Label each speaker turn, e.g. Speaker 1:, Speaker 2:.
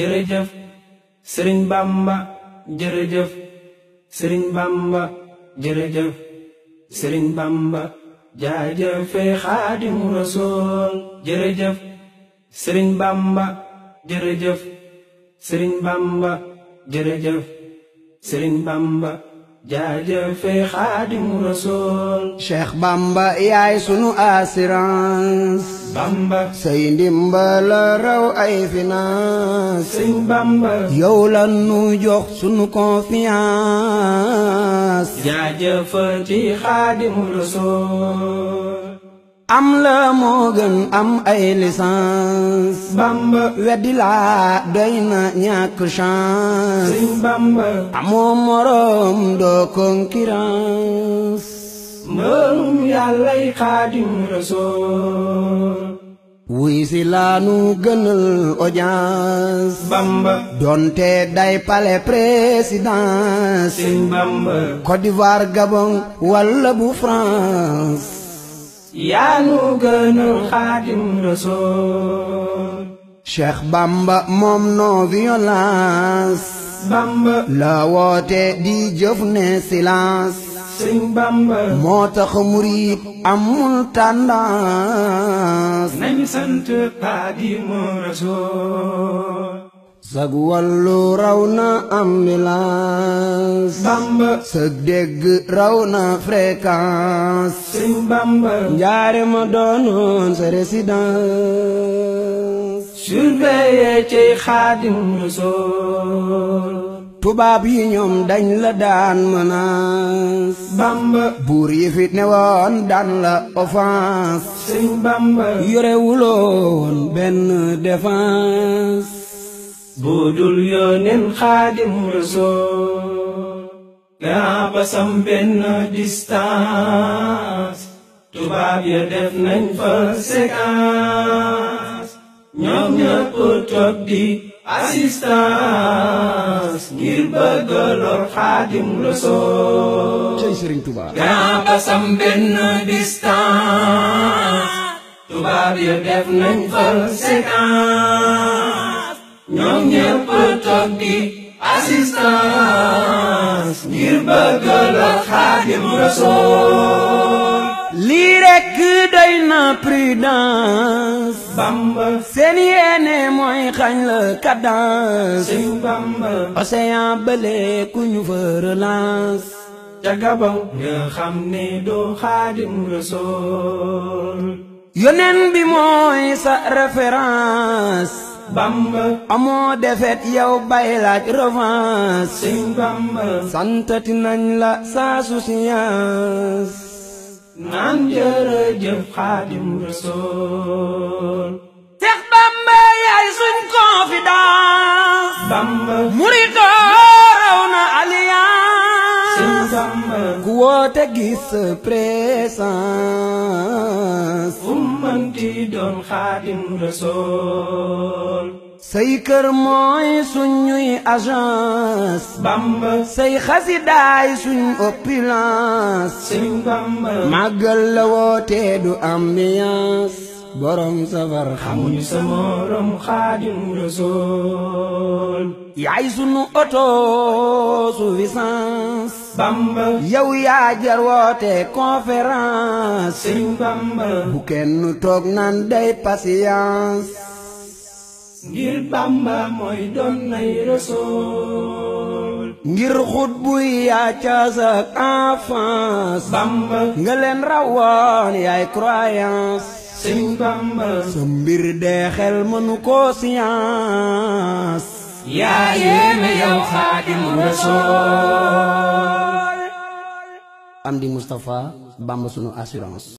Speaker 1: jërëjëf sëriñ bamba jërëjëf sëriñ bamba jërëjëf sëriñ bamba jaajëfe xaadimu rasool jërëjëf sëriñ bamba jërëjëf sëriñ bamba jërëjëf sëriñ bamba jaajëfe xaadim rasul cheikh bamba yaay sunu assurance bamba say ndimbal raw ay finance sëñ bamba yow la nu jox sunu confiance jaajëfati xaadim rasul am la moo gën am ay licence bamba weddi laa doy na ñàkk chance sëñ moroom doo concurrence mbërum yàllay xaadim rasool wuy si laanu gënal audience bamba donte day palais présidence sëñ bamba walla bu France يانو غنو خادم رسول شيخ بامبا موم نو فيولانس بامبا لا واتي دي جوفن سيلانس سين بامبا موتاخ مريب امول تاندانس ناني سنت با مو رسول sag wàllu raw na ambulance. bamba. dégg raw na fréquence. sëñ bamba. ma doonoon sa résidence. surveiller ci xaadim rasool. tubaab yi ñoom dañ la daan menace. bamba. buur yi fit ne woon daan la offense. sëñ bamba. yore benn défense. budul yoneen khadim rasul gaa basam ben distance tubaab ya def nañ fa séquence ñom ñëpp di assistance ngir bëgg lor khadim rasul cey Sëriñ Tuubaa gaa basam ben distance tubaab ya def nañ fa séquence ñépp toog di assistance ngir bëgg la Xaadim Rasool lii rekk doy na prudence Bamba seen yéene mooy xañ la cadence Sëñ Bamba océan bële ku fa relance ca gabaw xam ne doo Xaadim Rasool yoneen bi mooy sa référence Bamba amoo defet yow bay laaj revanche Sëñ Bamba santati nañ la sa souciance naan jërëjëf Xaadim Rasuul Seex Bamba yaay suñ confidence Bamba muridoo raw na te gis présence ummanti doon xaadim rasool say kër mooy suñuy agence bamba say xasidaay suñ opulence sëñ bamba màggal la wootee du ambiance borom safar xamuñu sa morom xaadim rasool yaay sunu auto suffisance bamba yow yaa jar woote conférence sëriñ bamba bu kenn toog naan day patience ngir bamba mooy doon nay rasool ngir xut buy yaa caasak enfance bamba nga leen yaay croyance sëñ Bamba. sa mbir dee xel mënu ko science. yaa yéeme yow Xaadimu Rasuul am di Moustapha Bamba sunu assurance